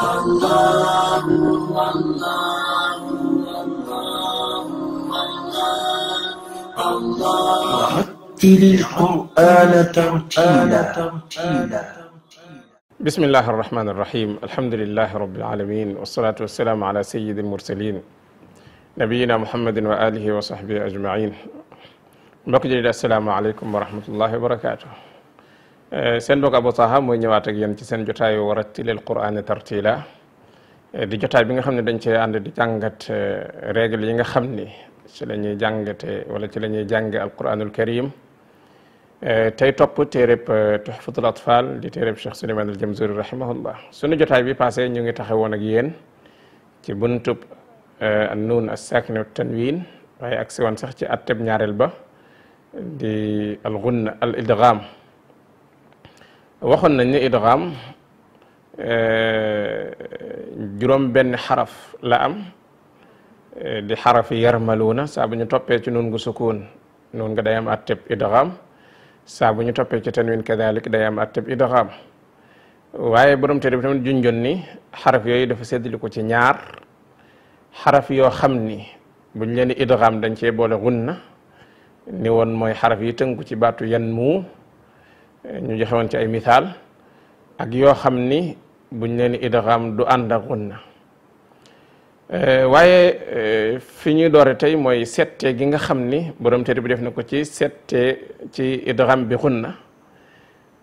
الله الله الله رتل القرآن ترتيلا بسم الله الرحمن الرحيم الحمد لله رب العالمين والصلاة والسلام على سيد المرسلين نبينا محمد وآله وصحبه أجمعين بقي السلام عليكم ورحمة الله وبركاته Eh, seen mbokk Abou Taha mooy ñëwaat ak yéen ci seen jotaayu warattilil Qur'ana tartila eh, di jotaay bi nga xam ne dañ cee ànd di jàngat eh, règle yi nga xam ni ci la ñuy jàngate wala ci la ñuy jànge alquranul karim tey topp téereb Tuhfatul Atfal di téereb Cheikh Souleymane al Jamzuri rahimahullah sunu jotaay bi passé ñu ngi taxe ak yéen ci buntub an-nuun as-saakina tanwin waaye agsi woon sax ci atteb ñaareel ba di al-gunna al idgham waxoon nañ ne idgham euh, juróom benn xaraf la am euh, di xaraf yi yarmaluuna saa bu ñu toppee ci nun gu sukuun nun nga day am atteb idgham saa bu ñu toppee ci tanwin kadalik day am atteb idgham waaye borom téere bi tamit junjoon ni xaraf yooyu dafa séddali ko ci ñaar xaraf yoo xam ni buñ leen di idgham dañ cee boole gunna ni woon mooy xaraf yi tënku ci baatu yan mu ñu joxe woon ci ay misaal ak yoo xam ni buñ leen idgham du ànd ak na eh, waaye eh, fi ñuy doore tey mooy sette gi nga xam ni borom téere bi def na ko ci sette ci idgham bi na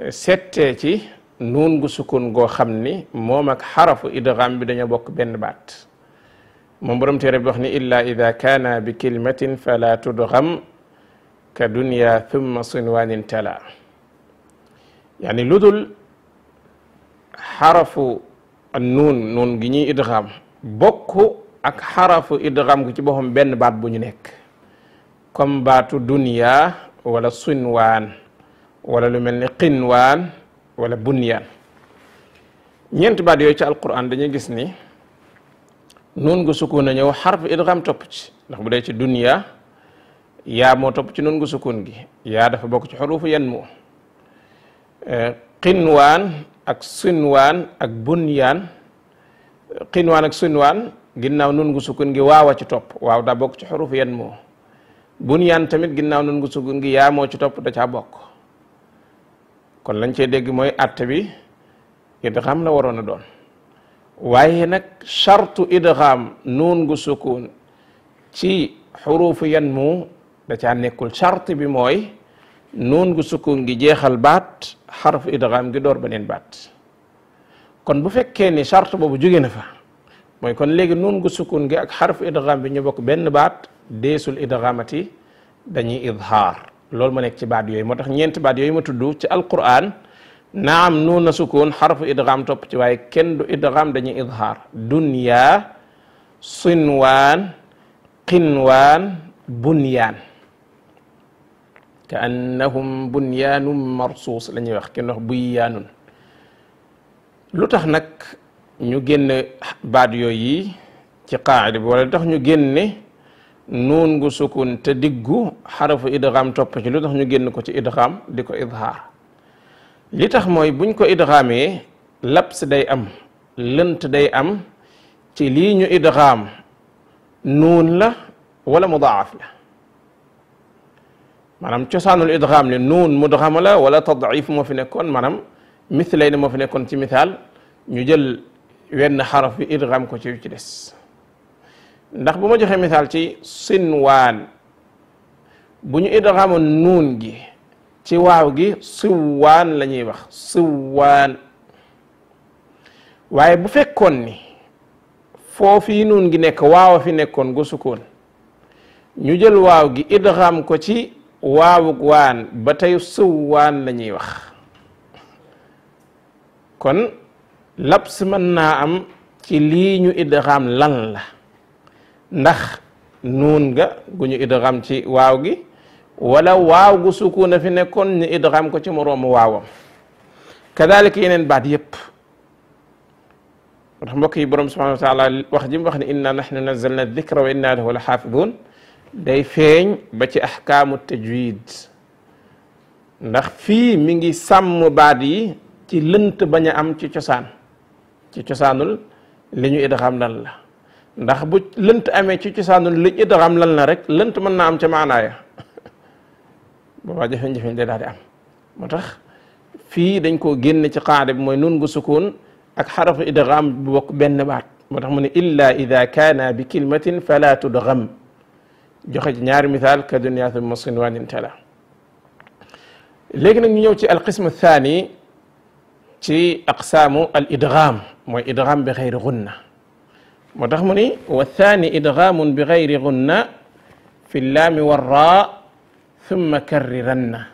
eh, sette ci nuun gu sukun goo xam ni moom ak xarafu idgham bi dañoo bokk benn baat moom borom téere bi wax ni illa ida kaana bi kalimatin fala tudgham ka dunya thumma sunwanin tala yani ludul harafu xarafu nun nuun gi ñuy idgham bokk ak harafu idgham gi ci boppam benn baat bu ñu nekk comme baatu dunya wala sunwaan wala lu mel ni qinwaan wala bunyaan ñeenti baat yooyu ci alquran dañuy gis ni nuun gu sukun a idgham ci ndax bu ci dunya ci gu sukun gi dafa ci Eh, xinwaan ak sunwaan ak bunyaan eh, xinwaan ak sunwaan ginnaaw nun gu sukun gi waawa ci topp waaw daa bokk ci xuruf yan moo bunyaan tamit ginnaaw nun gu sukun gi yaa moo ci topp da caa bokk kon lañ cee dégg mooy atte bi idgham na waroon a doon waaye nag chartu idgham nun gu sukun ci xurufu yan mu da caa nekkul charte bi mooy nuun gu sukkoon gi jeexal baat xarfu idgaam gi door beneen baat kon bu fekkee ni charte boobu jóge na fa mooy kon léegi nuun gu sukkoon gi ak xarfu idgaam bi ñu bokk benn baat deesul idgaamati dañuy idhaar loolu ma nekk ci baat yooyu moo tax ñeenti baat yooyu ma tudd ci alquran naam nuun na sukkoon xarfu idgaam topp ci waaye kenn du idgaam dañuy idhaar dunya sinwaan qinwaan bunyaan ka annahum bunyaanum marsuus la ñuy wax kenn wax buy yaanun lu tax nag ñu génn baat yooyu yi ci qaacida bi wala lu tax ñu génne nuun gu sukun te diggu xarafu idgaam topp ci lu tax ñu génn ko ci idgaam di ko idhaar li tax mooy buñ ko idgaamee laps day am lënt day am ci lii ñu idgaam nuun la wala mudaaf la maanaam cosaanul idgham li nuun mudghama la wala tadif moo fi nekkoon maanaam mithlay ne moo fi nekkoon ci mithaal ñu jël wenn xaraf bi ko ci ci des ndax bu ma joxee mithaal ci sinwaan bu ñu idghamoon nuun gi ci waaw gi siwaan la ñuy wax siwaan waaye bu fekkoon ni yi nuun gi nekk waaw fi nekkoon gu sukkoon ñu jël waaw gi idgham ko ci waawug waan ba tey sëw waan la ñuy wax kon laps mën naa am ci lii ñu idgham lan la ndax nuun ga gu ñu idgham ci waaw gi walla waaw gu sukuuna fi nekkoon ñu idgham ko ci moroomu waawam kadalika yeneen baat yépp ndax mbokk yi borom subhanahu wa wax ji mu wax ne inna nahnu nazzalna dhikra wa inna lahu la xaafidun day feeñ ba ci ahkaamu tajwid ndax fii mi ngi sàmm baat yi ci lënt bañ am ci cosaan ci cosaanul li ñu idgham lan la ndax bu lënt amee ci cosaanul li ñu idgham lan na rek lënt mën naa am ca maanaaya boobaa jafe-jafe day daal di am moo tax fii dañ koo génne ci qaada bi mooy nun gu sukuun ak xarafu idgham bu bokk benn baat moo tax mu ne illa ida kaana bi kalimatin fala tudgham joxe ci ñaari misaal ka dunia thumma sinwanin tala léegi nag ñu ñëw ci alqismu thani ci aqsaamu al idgham mooy idgham bi xayri gunna moo tax mu ni wa thani idghamun bi xayri gunna fi llaami warra thumma karriranna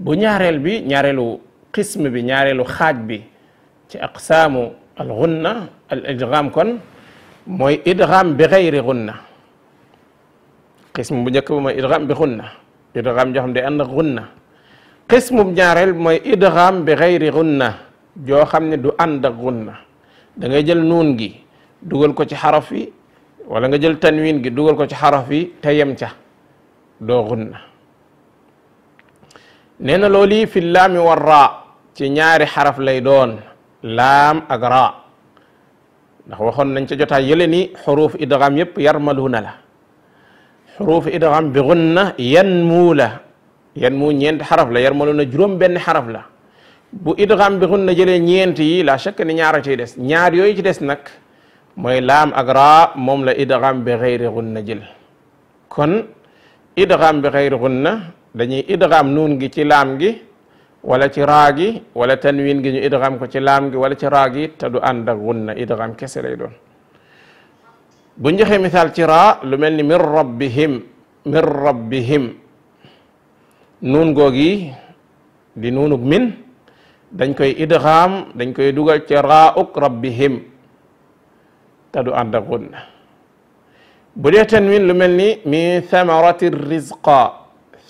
bu ñaareel bi ñaareelu qisme bi ñaareelu xaaj bi ci aqsaamu al gunna al idgham kon mooy idgham bi xayri gunna xism bu njëkk bi mooy idgham bi xunna idgham joo xam day ànd ak xunna xism bu mooy idgham bi xayri xunna joo xam ne du ànd ak xunna da ngay jël nuun gi dugal ko ci xaraf yi wala nga jël tanwin gi dugal ko ci xaraf yi ta yem ca doo xunna nee na loolu yi fi laami war ci ñaari xaraf lay doon lam ak raa ndax waxoon nañ ca jotaay yële ni xuruuf idgham yar yarmaluna la xuruuf idgham bi gunna yan muu la yan muu ñeenti xaraf la yarmalu na juróom benn xaraf la bu idgham bi gunna jële ñeent yi la shakk ni ñaara ciy des ñaar yooyu ci des nag mooy laam ak raa moom la idgham bi xayri gunna jël kon idgham bi xayri gunna dañuy idgham nuun gi ci laam gi wala ci raa gi wala tanwin gi ñu ko ci laam gi wala ci raa gi te du ànd ak gunna idgham kese lay doon bu ñu joxee ci raa lu mel ni min rabbihim min rabbihim nuun googi di nuunug min dañ koy idgham dañ koy dugal ci raa uk rabbihim te du ànd ak gunna bu dee tanwin lu mel ni min thamarati rizqa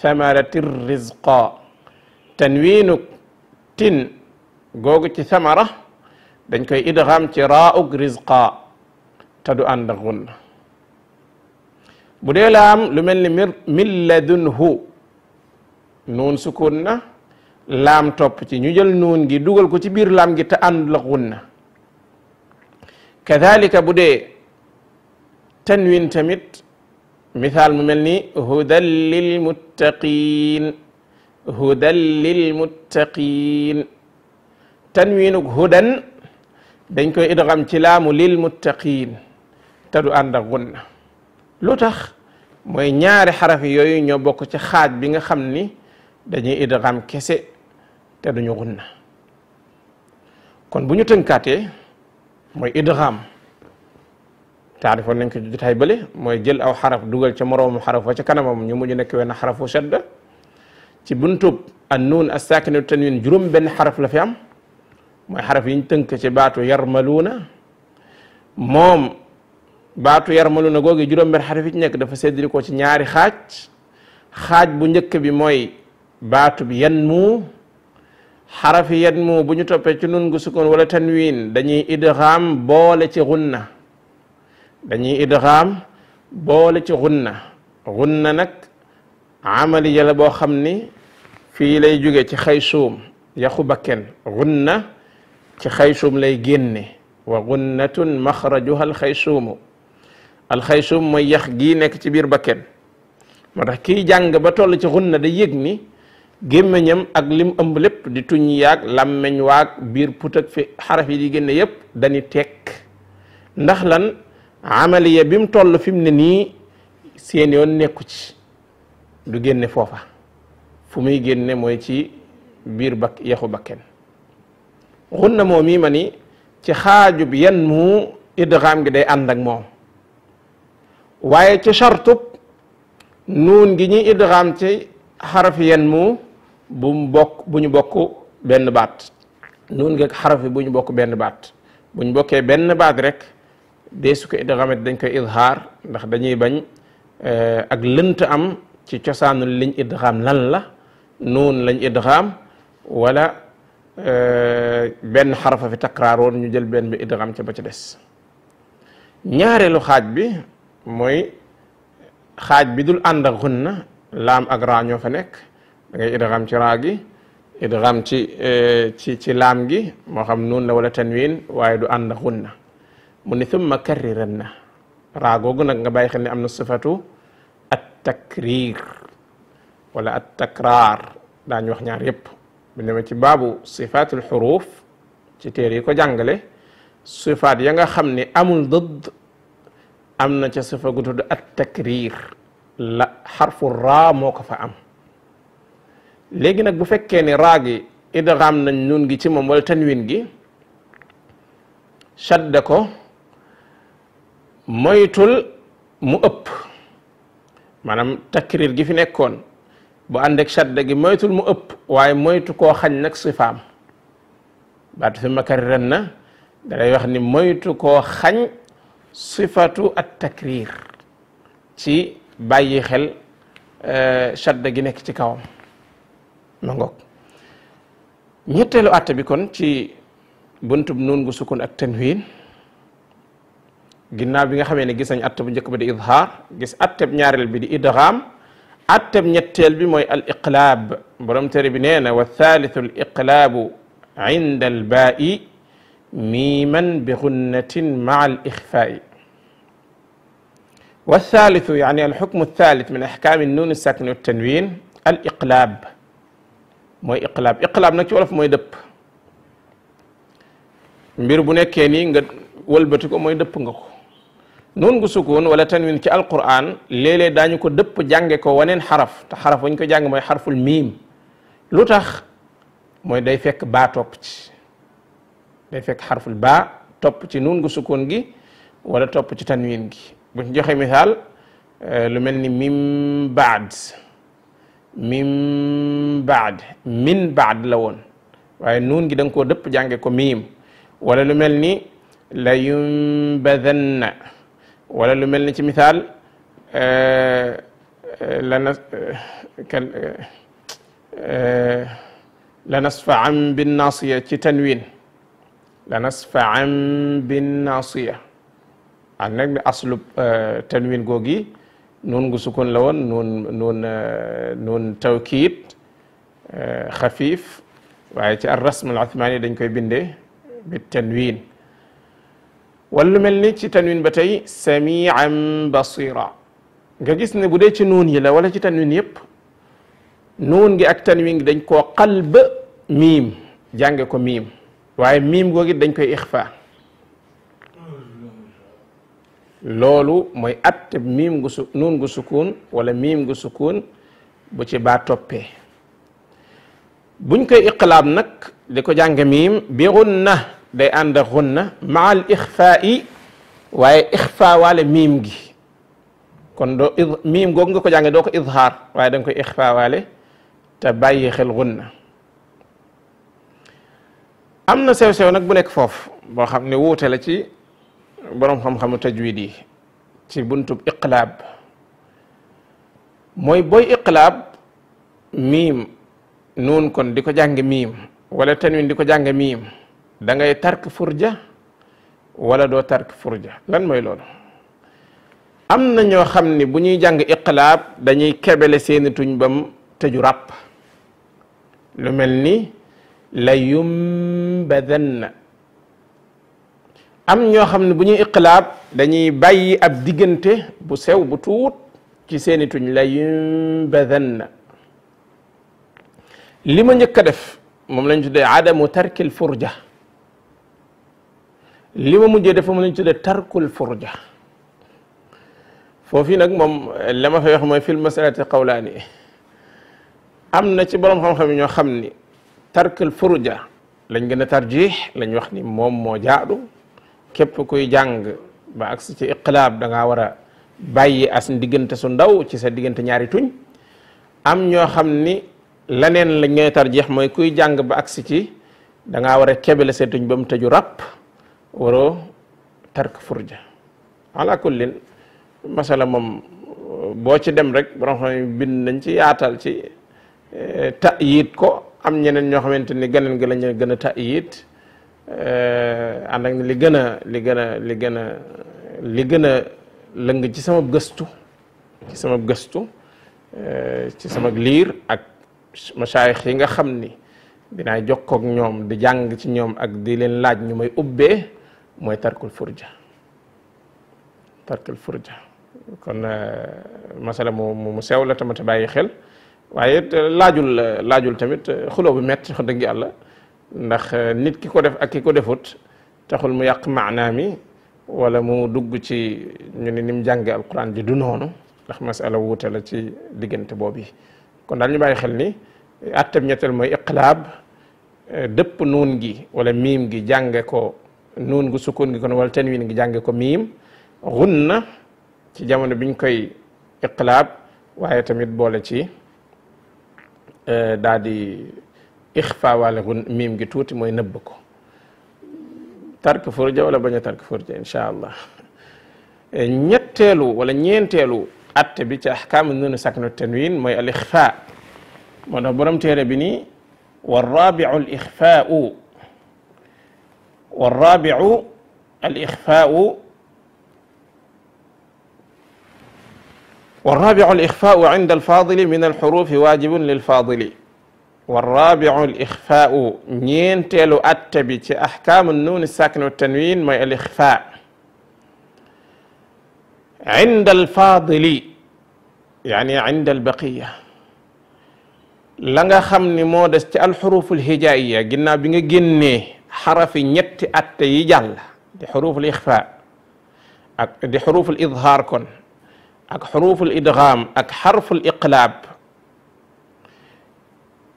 thamarati rizqa tanwinuk tin googu ci thamara dañ koy idgham ci uk rizqa te du ànd gunna bu dee laam lu mel ni mir min ladunhu nuun sukun na laam topp ci ñu jël nuun gi dugal ko ci biir laam gi te ànd la gunna kadhalika bu dee tanwin tamit misaal mu mel ni hudan lil muttaqin hudan lil muttaqin tanwiinuk hudan dañ koy idgham ci laamu lil muttaqin te du ànd ak gunna lu tax mooy ñaari xaraf yooyu ñoo bokk ci xaaj bi nga xam ni dañuy idgham kese te duñu gunna kon bu ñu tënkaatee mooy idgham taarifoon nañ ko jotaay bële mooy jël aw xaraf dugal ci moroomu xaraf wa ca kanamam ñu mujj nekk wenn xarafu shadda ci buntub an a as saakinu tanwin juróom benn xaraf la fi am mooy xaraf yiñ tënk ci baatu yarmaluuna moom baatu yar yarmalu na googu juróom benn xaraf ci nekk dafa séddale ko ci ñaari xaaj xaaj bu njëkk bi mooy baatu bi yanmu xarafi yanmu bu ñu toppee ci nun gu sukkoon wala tanwin dañuy idgham boole ci dañuy idgham boole ci gunna na nag amali yàlla boo xam ni fii lay jóge ci xay xaysuum yaxu bakken na ci xay xaysuum lay génne wa gunnatun maxrajuha alxaysuumu alxaysum mooy yax gii nekk ci biir bakken moo tax kiy jàng ba toll ci na da yëg ni gémmiñam ak lim ëmb lépp di tuñ yaag làmmeñ waag biir put fi xaraf yi di génne yépp dañu tekk ndax lan amaliya bi mu toll fi mu ne nii seen yoon nekku ci du génne foofa fu muy génne mooy ci biir yaxu bakken xunna moom mii ni ci xaajub yan mu idgaam gi day ànd ak moom waaye ci chartub nuun gi ñuy idgham ci xaraf yen mu bu ñu bokk benn baat nuun gi ak xaraf bu ñu bokk benn baat bu ñu bokkee benn baat rek dee su ko idghamet dañ koy idhaar ndax dañuy bañ eh, ak lënt am ci cosaanu liñ idgham lan la nuun lañ idgham wala eh, benn xarafa fi takraaroon ñu jël benn bi idgham ca ba ci des ñaareelu xaaj bi mooy xaaj bi dul ànd ak xunna laam ak ñoo fa nekk da ngay idgham ci raa gi idgham ci e, ci ci laam gi moo xam nuun la wala tanwin waaye du ànd ak xunna mu ni thumma karriran na raa nag nga bàyyi xel ne am na sifatu at takrir wala at takraar daañu wax ñaar yépp bu ci baabu sifatul xuruuf ci téer yi jàngale sifaat ya xam ne amul dëdd am na ca sifa gu tudd at takrir la xarfu raa ko fa am léegi nag bu fekkee ni raa gi idgaam nañ nun gi ci moom wala tanwin gi shadda ko moytul mu ëpp maanaam takrir gi fi nekkoon bu ànd ak shadda gi moytul mu ëpp waaye moytu ko xañ nag sifaam baatu fi makarran na dalay wax ni moytu koo xañ sifatu at takrir ci bàyyi xel euh, shadda gi nekk ci kawam ma ngoog ñetteelu atte bi kon ci buntub nuun gu sukun ak tanwin ginnaaw bi nga xamee ne gis nañ atte bu njëkk bi di idhaar gis atteb ñaareel bi di idgham atteb ñetteel bi mooy al iqlaab tere bi nee na wa thalithu al iqlaabu miiman bi xunnatin maa al والثالث يعني الحكم الثالث من أحكام النون الساكن والتنوين الإقلاب mooy iqlaab iqlaab nag ci wolof mooy dëpp mbir bu nekkee nii nga wëlbati ko mooy dëpp nga ko nun gu sukun wala tanwin ci alquran léeg-léeg daañu ko dëpp jànge ko waneen xaraf te xaraf wañ ko jàng mooy xarful miim lu tax mooy day fekk baa topp ci day fekk xarful baa topp ci nun gu gi wala topp ci tanwin gi بن جخي مثال لمني من بعد من بعد من بعد لون واي نون جي دنكو دب جانجي كو ميم ولا لمني لا ينبذن ولا لمني تي مثال لا كان لا نصف عن بالناصيه تي تنوين لا نصف عن بالناصيه النجم أسلوب تنوين غوغي نون غسكون لون نون نون نون توكيد خفيف وعيت الرسم العثماني دنجو يبندي بالتنوين واللملني تنوين بتاي سميعا بصيرا غاجيس ني بودي تي نون يلا ولا تي تنوين ييب نون غي اك تنوين دنجو قلب ميم جانغي كو ميم واي ميم غوغي دنجو اخفاء loolu mooy atte miim gu su wala miim gu sukun bu ci baa toppee buñ koy iqlaab nag de ko jànge miim bi gunna day ànd ak gunna maal waaye ixfaa miim gi kon doo miim nga ko jànge doo ko izhaar waaye da nga koy ixfaa waale te bàyyi xel gunna am na sew-sew nag bu nekk foofu boo xam ne wuute la ci boroom xam-xamu tajwid yi ci buntub iqlaab mooy booy iqlaab miim nuun kon di ko jàng miim wala tanwin di ko jàng miim dangay tark furja wala doo tark furja lan mooy lool am na ñoo xam ne bu ñuy jàng iqlaab dañuy kebele seeni tuñ bam tëju ràpp lu mel ni la yumbadanna am ñoo xam ne bu ñuy iqlaab dañuy bàyyi ab diggante bu sew bu tuut ci seeni tuñ la yumbadanna li ma njëkk a def moom lañ tuddee adamu tarkil furja li ma mujjee def moom lañ tuddee tarkul furja foofii nag moom la ma fay wax mooy fil masalati qawlaani am na ci borom xam-xam ñoo xam ni tarkul furja lañ gën a tarjix lañ wax ni moom moo jaadu képp kuy jàng ba ak ci iqlab da nga war a bàyyi as diggante su ndaw ci sa diggante ñaari tuñ am ñoo xam ni leneen lañ tar tarjeex mooy kuy jàng ba ak ci da nga war a kebele sa tuñ ba mu tëju ràpp waroo tark furja ala kullin masala moom boo ci dem rek borom xam bind nañ ci yaatal ci eh, ta'yid ko am ñeneen ñoo xamante ni ganeen gi lañ ta'yid Eh, ànd ak li gën a li gën a li gën a li gën a lëng ci sama gëstu ci sama gëstu eh, ci sama liir ak masaayix yi nga xam ni dinaa jokkook ñoom di jàng ci ñoom ak di leen laaj ñu may ubbee mooy tarkul furja tarkul furja kon eh, masala mu mu sew la tamit bàyyi xel waaye laajul laajul tamit xuloo bu metti wax dëgg àlla ndax eh, nit ki ko def ak ko defut taxul mu yàq maanaa mi wala mu dugg ci ñu ni mu jàngee alquran ji du noonu ndax masala wuute la ci diggante boobu kon daal ñu bàyyi xel ni eh, attam ñetteel mooy iqlaab eh, dëpp nuun gi wala miim gi jànge ko nuun gu sukun gi kon wala tanwin gi jànge ko miim gunna ci jamono biñ koy iqlaab waaye tamit boole ci daadi إخفاء والغن ميم جتوت موي نبكو ترك فرجة ولا بني ترك فرجة إن شاء الله نيتلو ولا نينتلو أتى بيت أحكام النون سكن التنوين موي الإخفاء من برم تيرا والرابع الإخفاء والرابع الإخفاء والرابع الإخفاء عند الفاضل من الحروف واجب للفاضل والرابع الإخفاء نين تيلو أتبي أحكام النون الساكن والتنوين ما الإخفاء عند الفاضل يعني عند البقية لنغا خمني مودست الحروف الهجائية قلنا بيغا جني حرف نيت أتي جال دي حروف الإخفاء دي حروف الإظهار كن أك حروف الإدغام أك حرف الإقلاب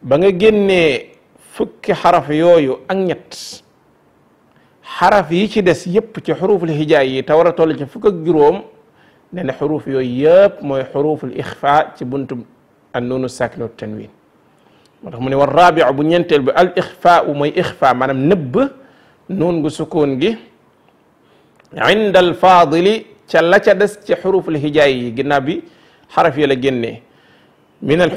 ba nga génnee fukki xaraf yooyu ak ñett xaraf yi ci des yëpp ci xuruful hijaay yi te war a toll ci fukk ak juróom ne na yooyu yëpp mooy xuruful ixfa ci buntu annuunu saakina wa tanwin moo tax mu ne war raabiu bu ñeenteel bi al ixfa u mooy ixfa maanaam gu sukoon gi inda al faadili la ca des ci xuruful hijaay yi ginnaaw bi xaraf yi la génnee min al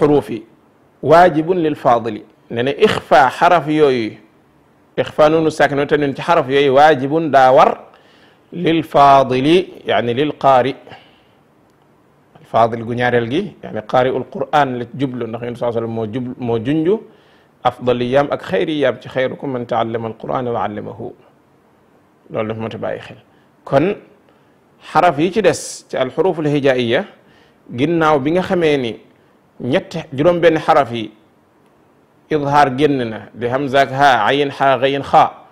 واجب للفاضل نن اخفى حرف يوي اخفى نون ساكن نون حرف يوي واجب داور للفاضل يعني للقارئ الفاضل غنيارل يعني قارئ القران لجبل نخي صلى الله عليه وسلم مو جنجو افضل ايام اك خير ايام خيركم من تعلم القران وعلمه لول ما تباي خيل كون حرف يي تي الحروف الهجائيه غيناو بيغا خميني ñett juróom benn xaraf yi idhaar génn na di hamzaak ha ayin ha gayin xa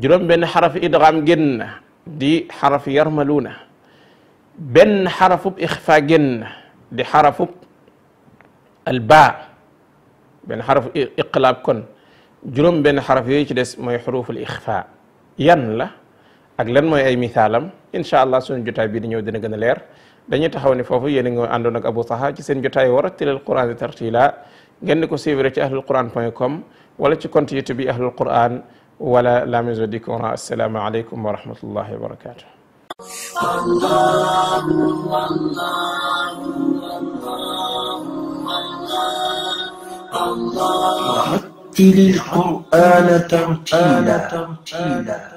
juróom benn xarafi idgham génn na di xarafi yarmaluuna benn xarafub ixfa génn na di xarafub albaa benn xarafu iqlaab kon juróom benn xaraf yooyu ci des mooy xuruful ixfa yan la ak lan mooy ay misaalam incha allah suñu jotaay bii di ñëw dina gën a leer dañu taxaw fofu yene ngi àndoon ak Abou Taha ci seen jotaay warattilil Qur'ana tartila genn ko suivre ci ahlulquran.com wala ci compte YouTube bi ahlul Qur'an wala la maison du Coran assalamu alaykum wa rahmatullahi wa barakatuh الله الله الله Allah Allah Allah